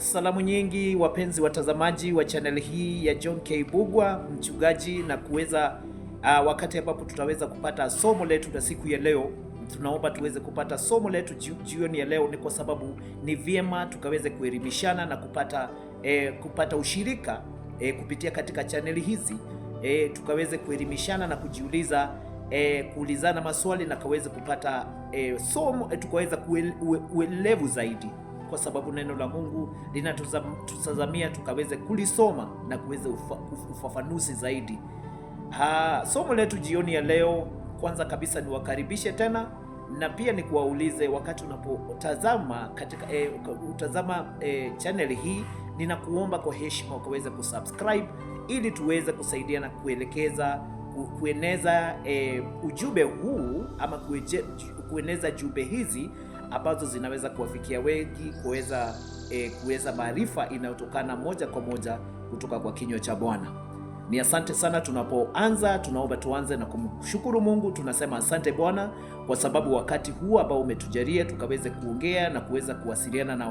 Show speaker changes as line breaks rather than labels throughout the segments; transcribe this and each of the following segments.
Salamu nyingi wapenzi watazamaji wa channel hii ya John K. Bugwa mchungaji, na kuweza uh, wakati ambapo tutaweza kupata somo letu la siku ya leo, tunaomba tuweze kupata somo letu jioni ya leo. Ni kwa sababu ni vyema tukaweze kuelimishana na kupata eh, kupata ushirika eh, kupitia katika chaneli hizi eh, tukaweze kuelimishana na kujiuliza E, kuulizana maswali na kaweze kupata e, somo e, tukaweza kuelevu zaidi kwa sababu neno la Mungu linatutazamia tukaweze kulisoma na kuweza ufafanuzi zaidi. Ha, somo letu jioni ya leo, kwanza kabisa niwakaribishe tena na pia ni kuwaulize wakati unapotazama katika e, utazama e, channel hii, ninakuomba kwa heshima ukaweze kusubscribe ili tuweze kusaidia na kuelekeza kueneza e, ujumbe huu ama kueneza jumbe hizi ambazo zinaweza kuwafikia wengi kuweza e, kuweza maarifa inayotokana moja kwa moja kutoka kwa kinywa cha Bwana. Ni asante sana. Tunapoanza tunaomba tuanze na kumshukuru Mungu. Tunasema asante Bwana kwa sababu wakati huu ambao umetujalia tukaweze kuongea na kuweza kuwasiliana na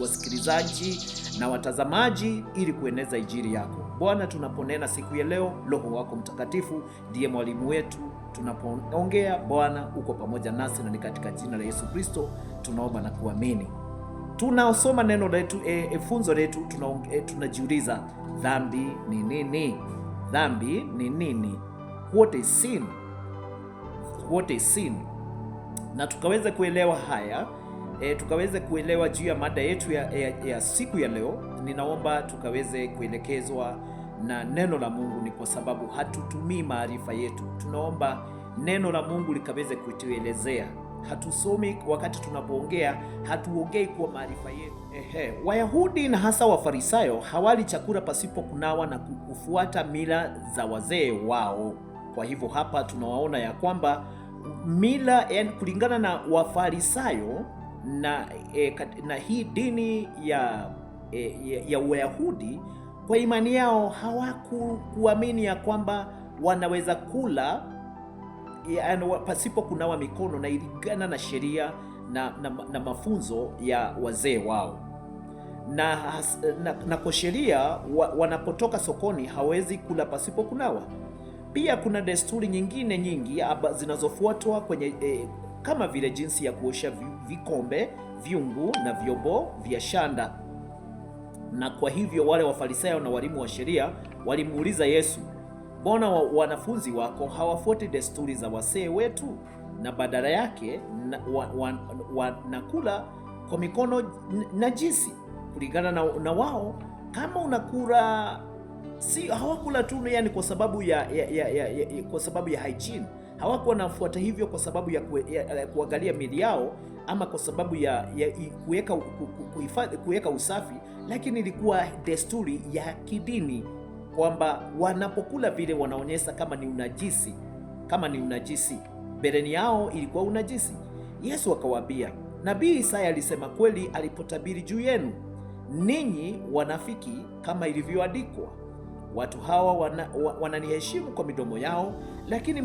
wasikilizaji na watazamaji ili kueneza injili yako Bwana. Tunaponena siku ya leo, Roho wako Mtakatifu ndiye mwalimu wetu Tunapoongea, Bwana uko pamoja nasi, na ni katika jina la Yesu Kristo tunaomba na kuamini. Tunaosoma neno letu, e, e, funzo letu e, tunajiuliza, e, tuna dhambi ni nini? Dhambi ni nini? What is sin? What is sin? Na tukaweze kuelewa haya e, tukaweze kuelewa juu ya mada yetu ya, ya, e, ya siku ya leo. Ninaomba tukaweze kuelekezwa na neno la Mungu ni kwa sababu hatutumii maarifa yetu. Tunaomba neno la Mungu likaweze kutuelezea. Hatusomi wakati tunapoongea, hatuongei kwa maarifa yetu. Ehe, Wayahudi na hasa Wafarisayo hawali chakula pasipo kunawa na kufuata mila za wazee wao. Kwa hivyo hapa tunawaona ya kwamba mila, yani kulingana na Wafarisayo na, e, na hii dini ya, e, ya Wayahudi kwa imani yao hawakuamini ya kwamba wanaweza kula pasipo kunawa mikono, na ilingana na sheria na, na, na mafunzo ya wazee wao na, na, na kwa sheria wa, wanapotoka sokoni hawezi kula pasipo kunawa. Pia kuna desturi nyingine nyingi zinazofuatwa kwenye eh, kama vile jinsi ya kuosha vikombe, vyungu na vyombo vya shanda. Na kwa hivyo wale Wafarisayo na walimu wa sheria walimuuliza Yesu, mbona wa, wanafunzi wako hawafuati desturi za wasee wetu na badala yake wanakula wa, wa, kwa mikono najisi kulingana na, na wao kama unakula si hawakula tu yani kwa sababu ya, ya, ya, ya, ya kwa sababu ya hygiene hawakuwa nafuata hivyo kwa sababu ya, kue, ya, ya kuangalia miili yao ama kwa sababu ya, ya kuweka kuweka usafi lakini ilikuwa desturi ya kidini kwamba wanapokula vile wanaonyesha kama ni unajisi, kama ni unajisi. Bereni yao ilikuwa unajisi. Yesu akawaambia, nabii Isaya alisema kweli alipotabiri juu yenu, ninyi wanafiki, kama ilivyoandikwa, watu hawa wananiheshimu kwa midomo yao, lakini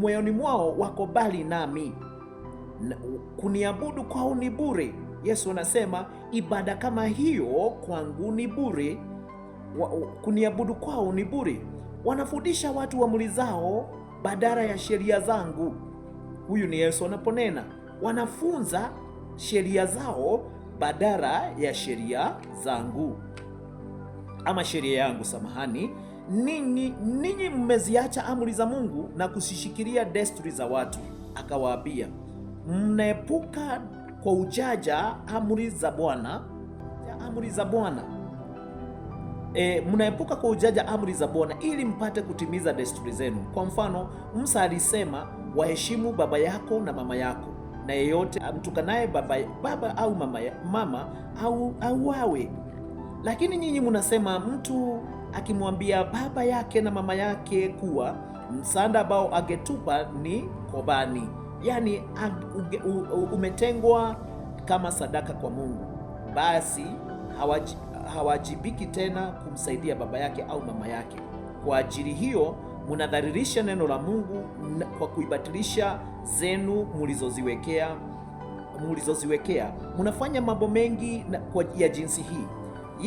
moyoni mwao wako mbali nami, kuniabudu kwao ni bure. Yesu anasema ibada kama hiyo kwangu ni bure, kuniabudu kwao ni bure. Wanafundisha watu amri zao badala ya sheria zangu. Huyu ni Yesu anaponena, wanafunza sheria zao badala ya sheria zangu ama sheria yangu, samahani. Ninyi ninyi mmeziacha amri za Mungu na kusishikilia desturi za watu. Akawaambia, mnaepuka kwa ujaja amri za Bwana, amri za Bwana e, mnaepuka kwa ujaja amri za Bwana ili mpate kutimiza desturi zenu. Kwa mfano, Musa alisema waheshimu baba yako na mama yako, na yeyote amtukanaye baba, baba au mama, mama au auawe. Lakini nyinyi mnasema mtu akimwambia baba yake na mama yake kuwa msanda ambao angetupa ni kobani yani umetengwa kama sadaka kwa Mungu, basi hawaji, hawajibiki tena kumsaidia baba yake au mama yake. Kwa ajili hiyo munadharirisha neno la Mungu kwa kuibatilisha zenu mulizoziwekea mulizoziwekea. Munafanya mambo mengi na, kwa, ya jinsi hii.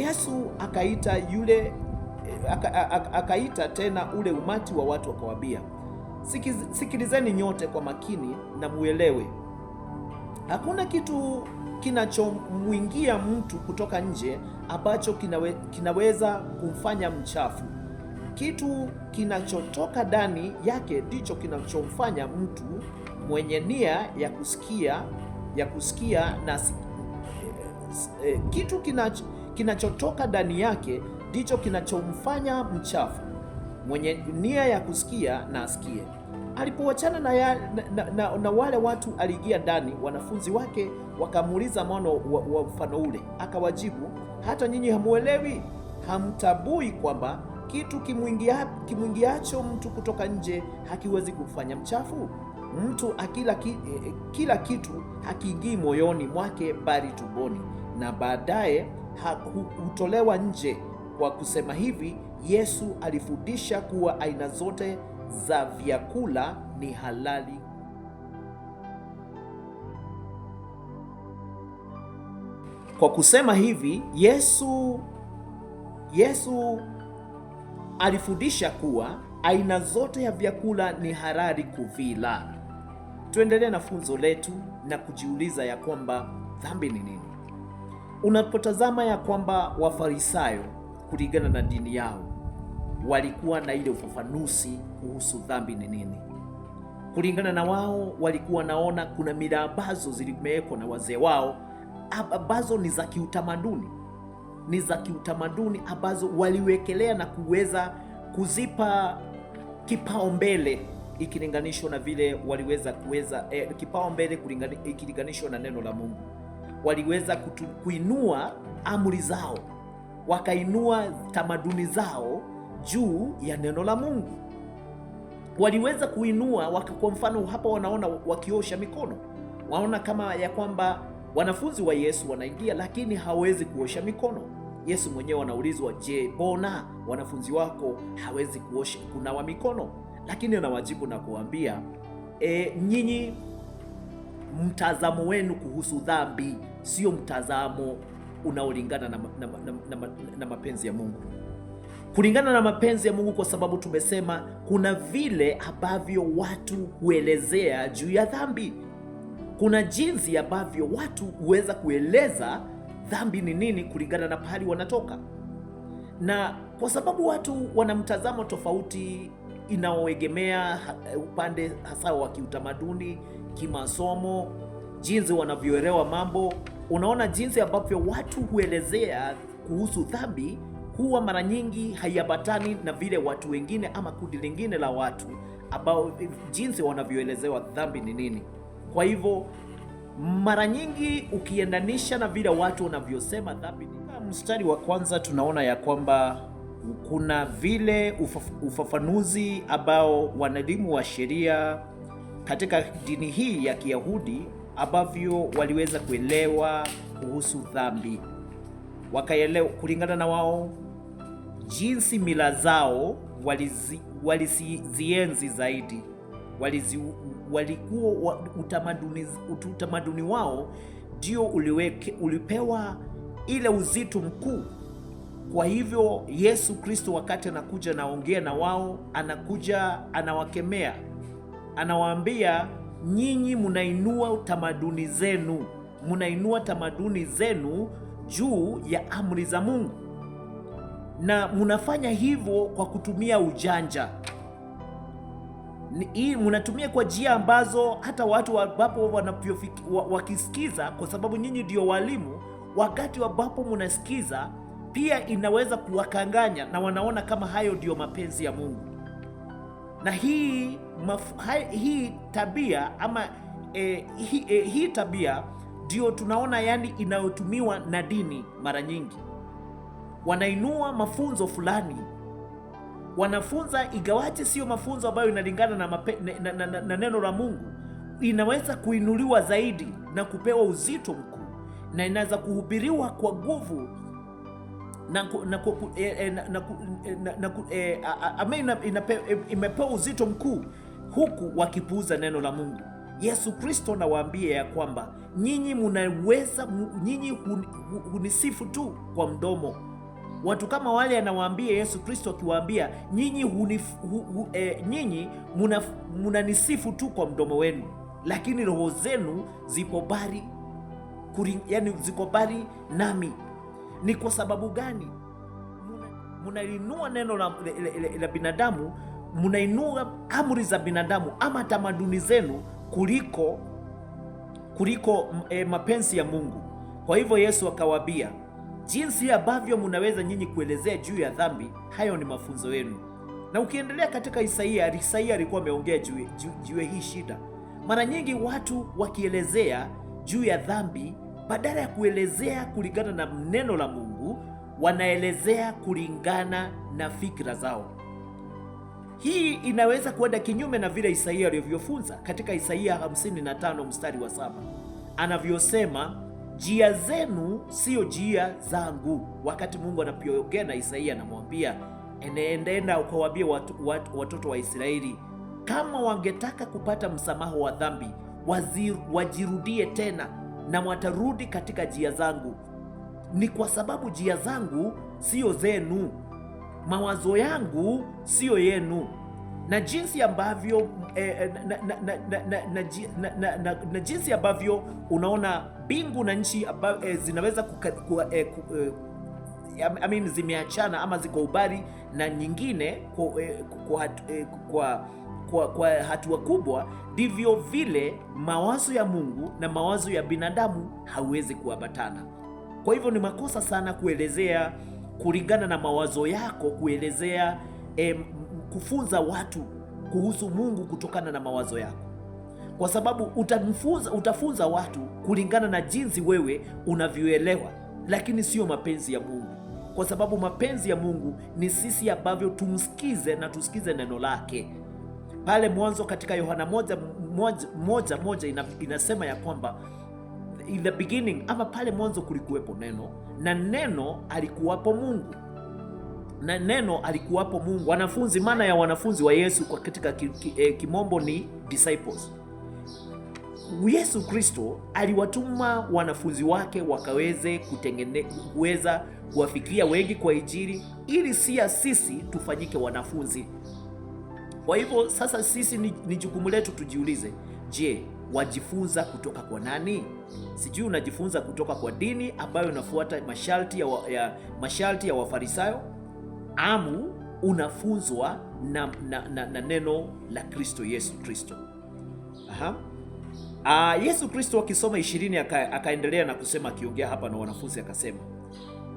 Yesu akaita yule akaita tena ule umati wa watu, akawaambia sikilizeni nyote kwa makini na muelewe. Hakuna kitu kinachomwingia mtu kutoka nje ambacho kinawe, kinaweza kumfanya mchafu. Kitu kinachotoka ndani yake ndicho kinachomfanya mtu mwenye nia ya kusikia ya kusikia na eh, eh, kitu kinach, kinachotoka ndani yake ndicho kinachomfanya mchafu. Mwenye nia ya kusikia na asikie. Alipowachana na, na, na, na, na wale watu aliingia ndani, wanafunzi wake wakamuuliza maana wa mfano ule, akawajibu, hata nyinyi hamuelewi? Hamtabui kwamba kitu kimwingiacho mtu kutoka nje hakiwezi kufanya mchafu? Mtu akila ki, e, e, kila kitu hakiingii moyoni mwake bali tumboni, na baadaye hutolewa nje. Kwa kusema hivi, Yesu alifundisha kuwa aina zote za vyakula ni halali. Kwa kusema hivi, Yesu Yesu alifundisha kuwa aina zote ya vyakula ni halali kuvila. Tuendelee na funzo letu na kujiuliza ya kwamba dhambi ni nini. Unapotazama ya kwamba Wafarisayo kulingana na dini yao walikuwa na ile ufafanuzi kuhusu dhambi ni nini. Kulingana na wao, walikuwa naona kuna mila ambazo zilimewekwa na wazee wao ambazo ni za kiutamaduni, ni za kiutamaduni ambazo waliwekelea na kuweza kuzipa kipao mbele ikilinganishwa na vile waliweza kuweza eh, mbele ikilinganishwa na neno la Mungu. Waliweza kutu, kuinua amri zao, wakainua tamaduni zao juu ya neno la Mungu. Waliweza kuinua waka, kwa mfano hapa wanaona wakiosha mikono, waona kama ya kwamba wanafunzi wa Yesu wanaingia, lakini hawezi kuosha mikono. Yesu mwenyewe anaulizwa, je, bona wanafunzi wako hawezi kuosha kunawa mikono? Lakini anawajibu na kuambia e, nyinyi mtazamo wenu kuhusu dhambi sio mtazamo unaolingana na, na, na, na, na, na mapenzi ya Mungu kulingana na mapenzi ya Mungu, kwa sababu tumesema kuna vile ambavyo watu huelezea juu ya dhambi. Kuna jinsi ambavyo watu huweza kueleza dhambi ni nini kulingana na pahali wanatoka, na kwa sababu watu wana mtazamo tofauti inaoegemea upande hasa wa kiutamaduni, kimasomo, jinsi wanavyoelewa mambo. Unaona jinsi ambavyo watu huelezea kuhusu dhambi huwa mara nyingi haiambatani na vile watu wengine ama kundi lingine la watu ambao jinsi wanavyoelezewa dhambi ni nini. Kwa hivyo mara nyingi ukiendanisha na vile watu wanavyosema dhambi ni nini. Mstari wa kwanza tunaona ya kwamba kuna vile ufafanuzi ambao wanaelimu wa sheria katika dini hii ya Kiyahudi ambavyo waliweza kuelewa kuhusu dhambi wakaelewa kulingana na wao jinsi mila zao walizienzi walizienzi zaidi walizi, walikuwa utamaduni, utamaduni wao ndio uliweke, ulipewa ile uzito mkuu. Kwa hivyo Yesu Kristo wakati anakuja anaongea na wao, anakuja anawakemea, anawaambia nyinyi mnainua utamaduni zenu, mnainua tamaduni zenu juu ya amri za Mungu na mnafanya hivyo kwa kutumia ujanja. Hii mnatumia kwa njia ambazo hata watu ambapo wakisikiza, kwa sababu nyinyi ndio walimu, wakati ambapo mnasikiza pia inaweza kuwakanganya na wanaona kama hayo ndiyo mapenzi ya Mungu. Na hii, maf, hai, hii tabia ama eh, hi, eh, hii tabia ndio tunaona yani inayotumiwa na dini mara nyingi wanainua mafunzo fulani, wanafunza igawati siyo mafunzo ambayo inalingana na, mape, na, na, na, na neno la Mungu, inaweza kuinuliwa zaidi na kupewa uzito mkuu na inaweza kuhubiriwa kwa nguvu e, e, e, ambayo imepewa uzito mkuu huku wakipuuza neno la Mungu. Yesu Kristo nawaambia ya kwamba nyinyi munaweza, nyinyi hunisifu tu kwa mdomo Watu kama wale anawaambia Yesu Kristo akiwaambia nyinyi hu, hu, eh, nyinyi munanisifu tu kwa mdomo wenu, lakini roho zenu ziko bari kuri, yani ziko bari nami. Ni kwa sababu gani munainua neno la, la, la, la binadamu munainua amri za binadamu ama tamaduni zenu kuliko kuliko eh, mapenzi ya Mungu. Kwa hivyo Yesu akawaambia jinsi ambavyo munaweza nyinyi kuelezea juu ya dhambi, hayo ni mafunzo yenu. Na ukiendelea katika Isaia, Isaia alikuwa ameongea juu ya hii shida. Mara nyingi watu wakielezea juu ya dhambi, badala ya kuelezea kulingana na neno la Mungu, wanaelezea kulingana na fikra zao. Hii inaweza kuenda kinyume na vile Isaia alivyofunza katika Isaia 55 mstari wa saba anavyosema njia zenu siyo njia zangu. Wakati Mungu anapoongea na Isaia anamwambia enendenda ukawaambie watu, watu, watoto wa Israeli kama wangetaka kupata msamaha wa dhambi wazir, wajirudie tena na watarudi katika njia zangu. Ni kwa sababu njia zangu siyo zenu, mawazo yangu siyo yenu na jinsi ambavyo na, jinsi ambavyo unaona mbingu na nchi eh, zinaweza kuka, kuka, eh, ku, eh, I mean, zimeachana ama ziko ubari na nyingine kwa, eh, kwa, eh, kwa kwa, kwa hatua kubwa, ndivyo vile mawazo ya Mungu na mawazo ya binadamu hawezi kuambatana. Kwa hivyo ni makosa sana kuelezea kulingana na mawazo yako, kuelezea eh, kufunza watu kuhusu Mungu kutokana na mawazo yako, kwa sababu utamfunza, utafunza watu kulingana na jinsi wewe unavyoelewa, lakini sio mapenzi ya Mungu, kwa sababu mapenzi ya Mungu ni sisi ambavyo tumsikize na tusikize neno lake. Pale mwanzo katika Yohana moja, moja, moja, moja ina, inasema ya kwamba in the beginning, ama pale mwanzo kulikuwepo neno na neno alikuwapo Mungu na neno alikuwapo Mungu. Wanafunzi, maana ya wanafunzi wa Yesu kwa katika eh, kimombo ni disciples. Yesu Kristo aliwatuma wanafunzi wake wakaweze kuweza kuwafikia wengi kwa Injili, ili siya sisi tufanyike wanafunzi. Kwa hivyo sasa sisi ni, ni jukumu letu tujiulize, je, wajifunza kutoka kwa nani? Sijui unajifunza kutoka kwa dini ambayo unafuata masharti ya, wa, ya, masharti ya Wafarisayo amu unafunzwa na, na, na, na neno la Kristo Yesu Kristo. Aha. Ah, Yesu Kristo akisoma ishirini aka, akaendelea na kusema akiongea hapa na wanafunzi akasema,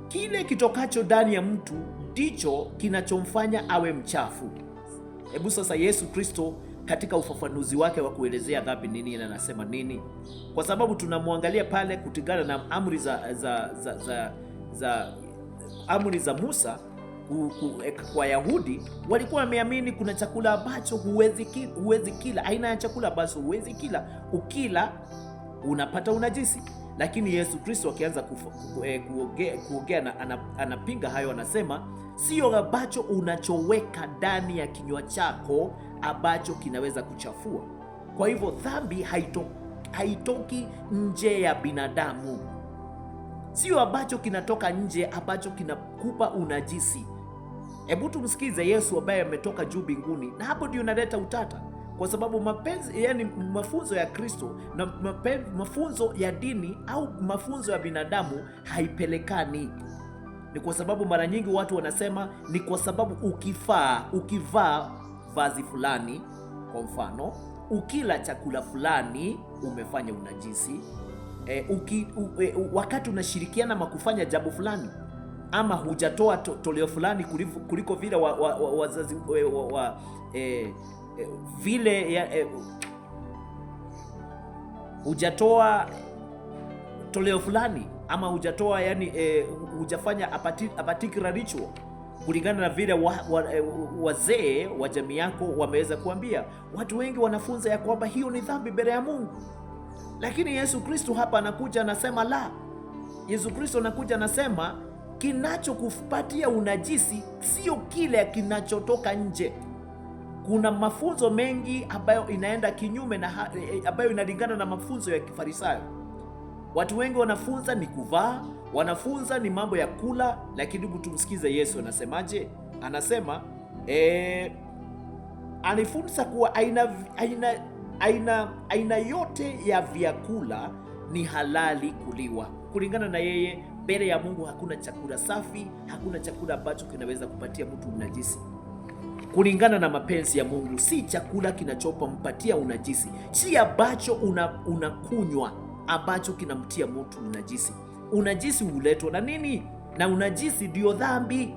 kile kitokacho ndani ya mtu ndicho kinachomfanya awe mchafu. Hebu sasa Yesu Kristo katika ufafanuzi wake wa kuelezea dhambi nini anasema nini, kwa sababu tunamwangalia pale kutingana na amri za, za, za, za, za amri za Musa Eh, Wayahudi walikuwa wameamini kuna chakula ambacho huwezi kila, huwezi kila aina ya chakula ambacho huwezi kila, ukila unapata unajisi. Lakini Yesu Kristo akianza eh, kuongea na anapinga hayo, anasema sio ambacho unachoweka ndani ya kinywa chako ambacho kinaweza kuchafua. Kwa hivyo dhambi haito, haitoki nje ya binadamu, sio ambacho kinatoka nje ambacho kinakupa unajisi. Hebu tumsikize Yesu ambaye ametoka juu mbinguni, na hapo ndio unaleta utata, kwa sababu mapenzi, yani mafunzo ya Kristo na mafunzo ya dini au mafunzo ya binadamu haipelekani. Ni kwa sababu mara nyingi watu wanasema ni kwa sababu ukifaa ukivaa vazi fulani, kwa mfano ukila chakula fulani umefanya unajisi e, uki, u, e, wakati unashirikiana makufanya jambo fulani ama hujatoa to, toleo fulani kuliko vile wa, wa, wa, wa, wa, eh, e, vile ya, e, hujatoa toleo fulani ama hujatoa yani, e, hujafanya a particular ritual kulingana na vile wazee wa, wa, e, wa jamii yako wameweza kuambia. Watu wengi wanafunza ya kwamba hiyo ni dhambi mbele ya Mungu, lakini Yesu Kristo hapa anakuja anasema la. Yesu Kristo anakuja anasema Kinachokupatia unajisi sio kile kinachotoka nje. Kuna mafunzo mengi ambayo inaenda kinyume na e, e, ambayo inalingana na mafunzo ya Kifarisayo. Watu wengi wanafunza ni kuvaa, wanafunza ni mambo ya kula, lakini tumsikize Yesu anasemaje? Anasema ee, anifunza kuwa aina, aina, aina, aina yote ya vyakula ni halali kuliwa kulingana na yeye mbele ya Mungu hakuna chakula safi, hakuna chakula ambacho kinaweza kupatia mtu unajisi. Kulingana na mapenzi ya Mungu, si chakula mpatia unajisi, si ambacho unakunywa una ambacho kinamtia mtu unajisi. Unajisi huletwa na nini? Na unajisi ndio dhambi.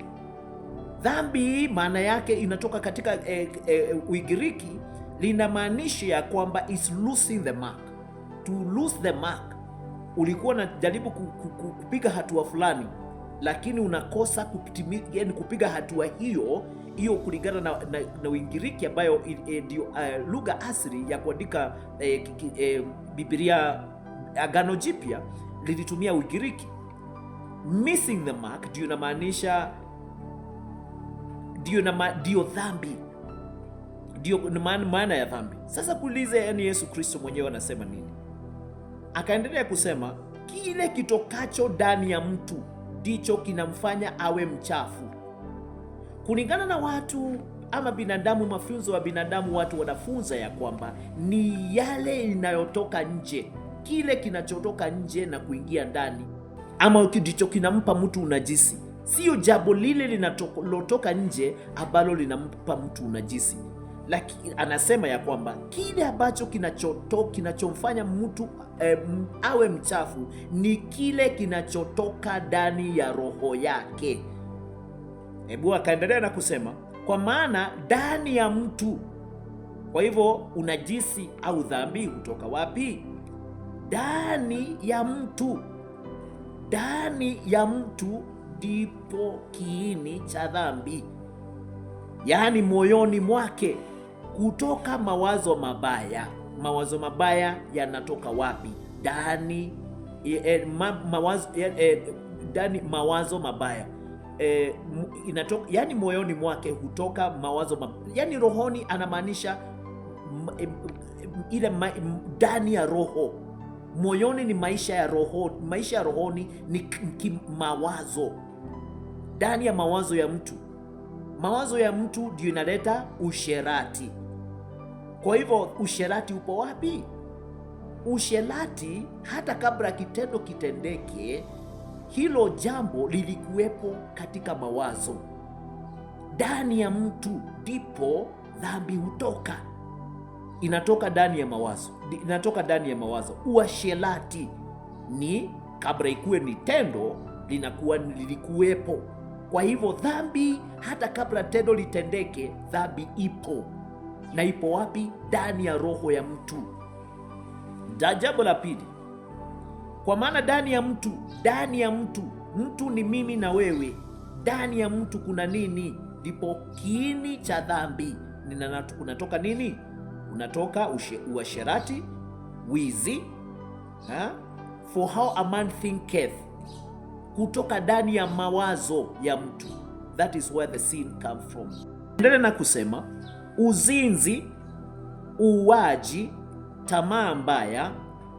Dhambi maana yake inatoka katika eh, eh, Uigiriki linamaanisha ya kwamba is losing the mark, to lose the mark ulikuwa unajaribu kupiga hatua fulani, lakini unakosa kutimia, yani kupiga hatua hiyo hiyo kulingana na, na, na Uingiriki ambayo e, ndio uh, lugha asili ya kuandika eh, eh, Biblia. Agano Jipya lilitumia Ugiriki. Missing the mark ndio inamaanisha ndio na ndio dhambi, ndio maana ya dhambi. Sasa kuulize, yani Yesu Kristo mwenyewe anasema nini? Akaendelea kusema, kile kitokacho ndani ya mtu ndicho kinamfanya awe mchafu. Kulingana na watu ama binadamu, mafunzo wa binadamu, watu wanafunza ya kwamba ni yale inayotoka nje, kile kinachotoka nje na kuingia ndani, ama ndicho kinampa mtu unajisi, sio jambo lile linalotoka nje ambalo linampa mtu unajisi lakini anasema ya kwamba kile ambacho kinachoto kinachomfanya mtu eh, awe mchafu ni kile kinachotoka ndani ya roho yake. Hebu akaendelea na kusema, kwa maana ndani ya mtu. Kwa hivyo unajisi au dhambi hutoka wapi? Ndani ya mtu. Ndani ya mtu ndipo kiini cha dhambi, yaani moyoni mwake kutoka mawazo mabaya. Mawazo mabaya yanatoka wapi? Ndani e, eh, eh, ma, mawazo, e, eh, ndani mawazo mabaya e, inatoka, yani moyoni mwake hutoka mawazo mabaya, yani rohoni, anamaanisha e, ile ndani ya roho moyoni ni maisha ya roho, maisha ya rohoni ni kimawazo, ndani ya mawazo ya mtu. Mawazo ya mtu ndio inaleta usherati. Kwa hivyo usherati upo wapi? Usherati hata kabla kitendo kitendeke, hilo jambo lilikuwepo katika mawazo ndani ya mtu, ndipo dhambi hutoka. Inatoka ndani ya mawazo, inatoka ndani ya mawazo. Uasherati ni kabla ikuwe ni tendo, linakuwa lilikuwepo. Kwa hivyo dhambi hata kabla tendo litendeke, dhambi ipo na ipo wapi? Ndani ya roho ya mtu. Jambo la pili, kwa maana ndani ya mtu, ndani ya mtu, mtu ni mimi na wewe. Ndani ya mtu kuna nini? Ndipo kiini cha dhambi. Unatoka nini? Unatoka uasherati, wizi, ha? for how a man thinketh, kutoka ndani ya mawazo ya mtu. That is where the sin come from. Endelea na kusema uzinzi, uuaji, tamaa mbaya,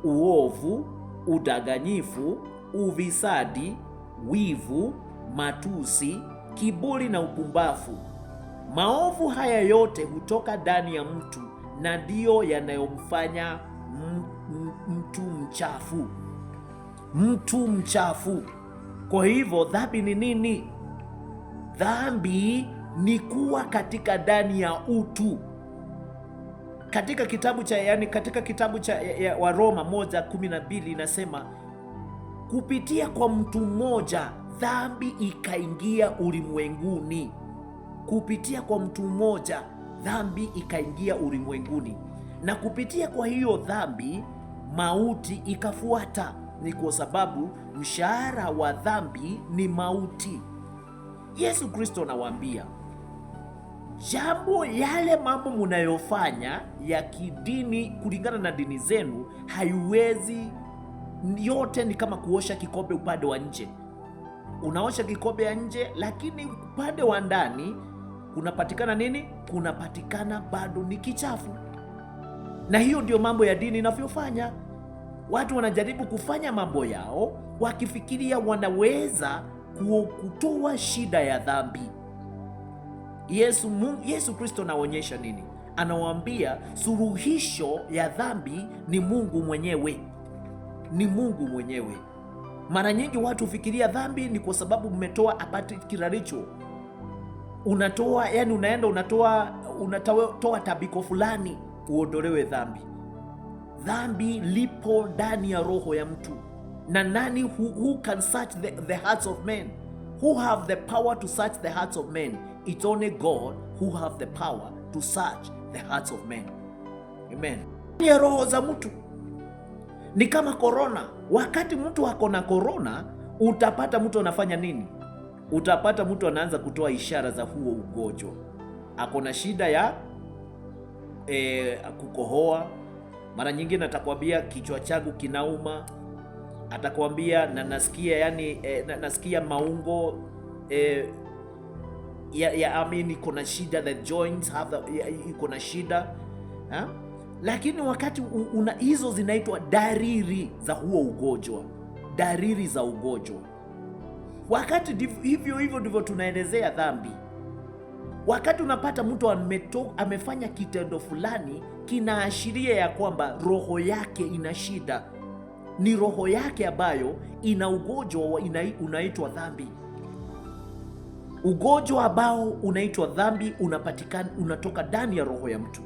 uovu, udanganyifu, ufisadi, wivu, matusi, kiburi na upumbavu. Maovu haya yote hutoka ndani ya mtu na ndiyo yanayomfanya mtu mchafu, mtu mchafu. Kwa hivyo dhambi ni nini? Dhambi ni kuwa katika ndani ya utu katika kitabu cha yani, katika kitabu cha ya, ya, wa Roma 1:12 inasema kupitia kwa mtu mmoja dhambi ikaingia ulimwenguni, kupitia kwa mtu mmoja dhambi ikaingia ulimwenguni, na kupitia kwa hiyo dhambi mauti ikafuata. Ni kwa sababu mshahara wa dhambi ni mauti. Yesu Kristo anawaambia jambo yale mambo munayofanya ya kidini kulingana na dini zenu haiwezi yote. Ni kama kuosha kikombe upande wa nje, unaosha kikombe ya nje, lakini upande wa ndani kunapatikana nini? Kunapatikana bado ni kichafu. Na hiyo ndio mambo ya dini inavyofanya. Watu wanajaribu kufanya mambo yao wakifikiria wanaweza kutoa shida ya dhambi. Yesu, Yesu Kristo anaonyesha nini? Anawaambia suluhisho ya dhambi ni Mungu mwenyewe, ni Mungu mwenyewe. Mara nyingi watu hufikiria dhambi ni kwa sababu mmetoa apate kiraricho, unatoa yani, unaenda unatoa unatoa tabiko fulani uondolewe dhambi. Dhambi lipo ndani ya roho ya mtu, na nani who, who can search the, the hearts of men who have the power to search the hearts of men It's only God who have the power to search the hearts of men. Amen. Ya roho za mtu ni kama korona. Wakati mtu ako na korona, utapata mtu anafanya nini? Utapata mtu anaanza kutoa ishara za huo ugonjwa. Ako na shida ya e, kukohoa. Mara nyingine atakwambia kichwa changu kinauma, atakwambia na nasikia yani, e, nasikia maungo e, ya, ya iko na shida, the joints have iko na shida ha? Lakini wakati una hizo zinaitwa dariri za huo ugonjwa, dariri za ugonjwa. Wakati hivyo hivyo ndivyo tunaelezea dhambi. Wakati unapata mtu amefanya kitendo fulani, kinaashiria ya kwamba roho yake ina shida, ni roho yake ambayo ina ugonjwa unaitwa dhambi. Ugonjwa ambao unaitwa dhambi unapatikana, unatoka ndani ya roho ya mtu.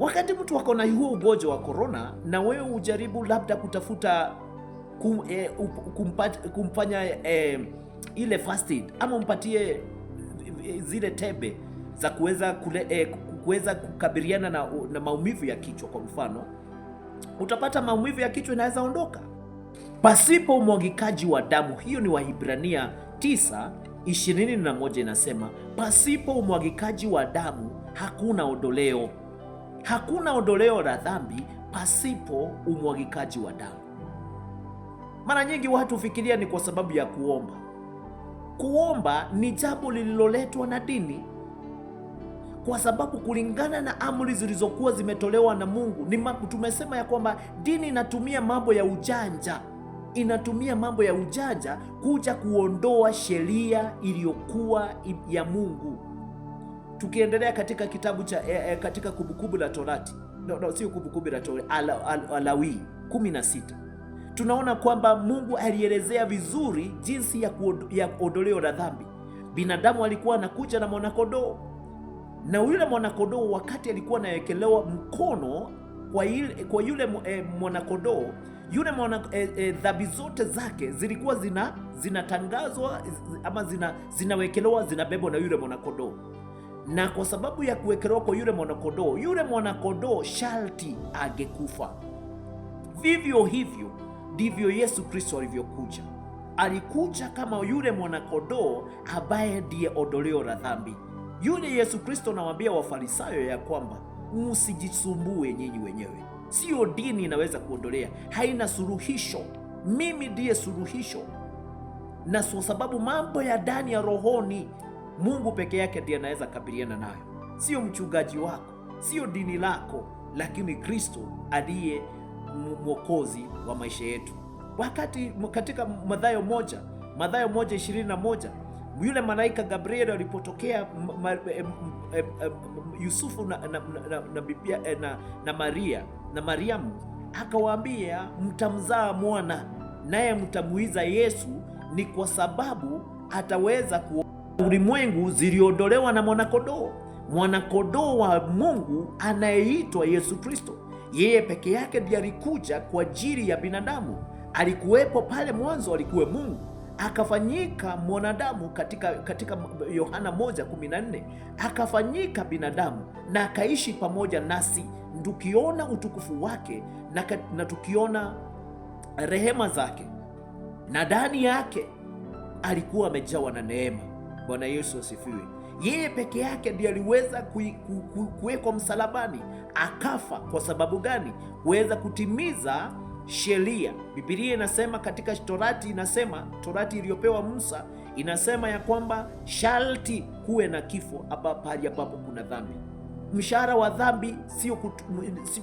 Wakati mtu ako na huo ugonjwa wa korona, na wewe ujaribu labda kutafuta kum, eh, kumpa, kumfanya eh, ile fast ama umpatie e, zile tebe za kuweza eh, kuweza kukabiliana na, na maumivu ya kichwa kwa mfano, utapata maumivu ya kichwa inaweza ondoka pasipo umwagikaji wa damu. Hiyo ni Waibrania ishirini na moja inasema pasipo umwagikaji wa damu hakuna ondoleo, hakuna ondoleo la dhambi pasipo umwagikaji wa damu. Mara nyingi watu hufikiria ni kwa sababu ya kuomba. Kuomba ni jambo lililoletwa na dini, kwa sababu kulingana na amri zilizokuwa zimetolewa na Mungu ni tumesema ya kwamba dini inatumia mambo ya ujanja inatumia mambo ya ujanja kuja kuondoa sheria iliyokuwa ya Mungu. Tukiendelea katika kitabu cha e, katika Kumbukumbu la Torati no, no, sio Kumbukumbu la Torati ala, al, Alawii 16 tunaona kwamba Mungu alielezea vizuri jinsi ya, ya na la dhambi. Binadamu alikuwa anakuja na mwanakondoo na yule mwanakondoo wakati alikuwa anawekelewa mkono kwa yule, kwa yule eh, mwanakondoo yule mwana e, e, dhambi zote zake zilikuwa zina zinatangazwa ama zina zinawekelewa zinabebwa na yule mwanakondoo, na kwa sababu ya kuwekelewa kwa yule mwanakondoo, yule mwanakondoo sharti angekufa. Vivyo hivyo ndivyo Yesu Kristo alivyokuja. Alikuja kama yule mwanakondoo ambaye ndiye ondoleo la dhambi. Yule Yesu Kristo nawaambia Wafarisayo ya kwamba msijisumbue nyinyi wenyewe Sio dini inaweza kuondolea, haina suluhisho. Mimi ndiye suluhisho, na kwa sababu mambo ya ndani ya rohoni Mungu peke yake ndiye anaweza kabiliana nayo, sio mchungaji wako, sio dini lako, lakini Kristo aliye mwokozi wa maisha yetu. Wakati katika Mathayo moja Mathayo moja ishirini na moja yule malaika Gabriel alipotokea Yusufu na, na, na, na, Biblia, eh, na, na Maria na Mariamu akawaambia, mtamzaa mwana naye mtamuiza Yesu, ni kwa sababu ataweza ku ulimwengu ziliondolewa na mwanakondoo, mwanakondoo wa Mungu anayeitwa Yesu Kristo. Yeye peke yake ndiye alikuja kwa ajili ya binadamu. Alikuwepo pale mwanzo, alikuwe Mungu akafanyika mwanadamu katika katika Yohana 1:14 akafanyika binadamu na akaishi pamoja nasi, tukiona utukufu wake na, na tukiona rehema zake, na ndani yake alikuwa amejawa na neema. Bwana Yesu asifiwe. Yeye peke yake ndiye aliweza kuwekwa msalabani, akafa. Kwa sababu gani? kuweza kutimiza sheria. Biblia inasema katika Torati, inasema Torati iliyopewa Musa inasema ya kwamba sharti kuwe na kifo hapa pahali ambapo kuna dhambi. Mshahara wa dhambi sio,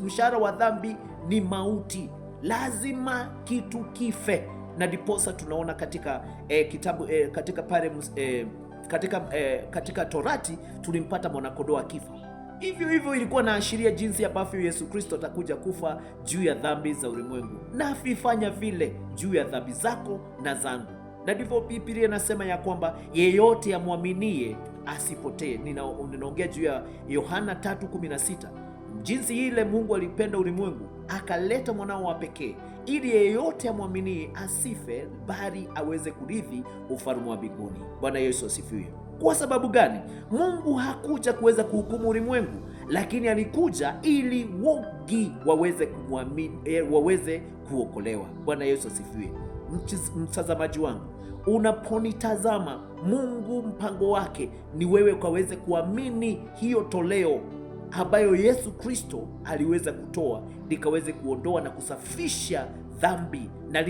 mshahara wa dhambi ni mauti, lazima kitu kife, na diposa tunaona katika eh, kitabu eh, katika pale eh, katika, eh, katika Torati tulimpata mwanakodoa kifo Hivyo hivyo ilikuwa ashiria jinsi ambavyo Yesu Kristo atakuja kufa juu ya dhambi za ulimwengu, na vifanya vile juu ya dhambi zako na zangu. Na ndivyo Biblia inasema ya kwamba yeyote amwaminie asipotee. Ninaongea juu ya Yohana 3:16 jinsi ile Mungu alipenda ulimwengu akaleta mwanao wa pekee ili yeyote amwaminie asife, bali aweze kurithi ufalme wa mbinguni. Bwana Yesu asifiwe. Kwa sababu gani? Mungu hakuja kuweza kuhukumu ulimwengu, lakini alikuja ili wogi waweze kumwamini, eh, waweze kuokolewa. Bwana Yesu asifiwe. Mtazamaji wangu, unaponitazama Mungu mpango wake ni wewe ukaweze kuamini hiyo toleo ambayo Yesu Kristo aliweza kutoa likaweze kuondoa na kusafisha dhambi na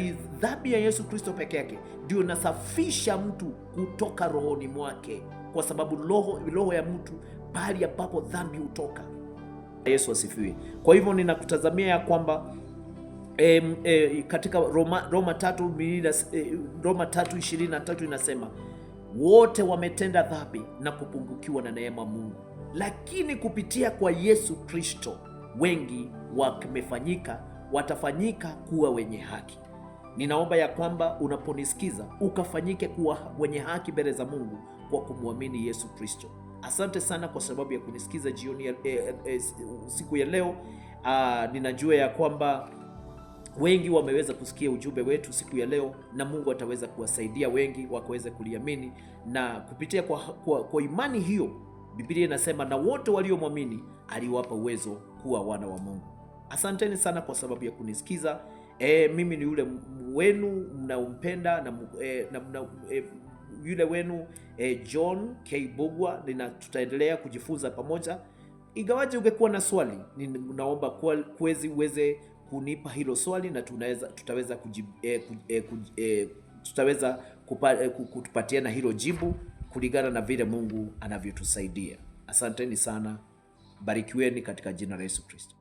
dhambi ya Yesu Kristo peke yake ndio inasafisha mtu kutoka rohoni mwake, kwa sababu roho roho ya mtu pahali ambapo dhambi hutoka. Yesu asifiwe. Kwa hivyo ninakutazamia ya kwamba e, e, katika Roma, Roma 3 e, Roma 3:23 inasema wote wametenda dhambi na kupungukiwa na neema Mungu, lakini kupitia kwa Yesu Kristo wengi wamefanyika watafanyika kuwa wenye haki. Ninaomba ya kwamba unaponisikiza ukafanyike kuwa wenye haki mbele za Mungu kwa kumwamini Yesu Kristo. Asante sana kwa sababu ya kunisikiza jioni ya, eh, eh, eh siku ya leo. Aa, ah, ninajua ya kwamba wengi wameweza kusikia ujumbe wetu siku ya leo, na Mungu ataweza kuwasaidia wengi wakaweza kuliamini, na kupitia kwa, kwa, kwa imani hiyo Biblia inasema na wote waliomwamini aliwapa uwezo kuwa wana wa Mungu. Asanteni sana kwa sababu ya kunisikiza e, mimi ni yule wenu mnaompenda na, e, na, na e, eh, yule wenu e, John K Bugwa nina, tutaendelea kujifunza pamoja. Ingawaje ungekuwa na swali, ninaomba kwezi uweze kunipa hilo swali na tunaweza tutaweza kujib, e, kuj, e, kuj, e, tutaweza kupa, e, kutupatiana hilo jibu kulingana na vile Mungu anavyotusaidia. Asanteni sana, barikiweni katika jina la Yesu Kristo.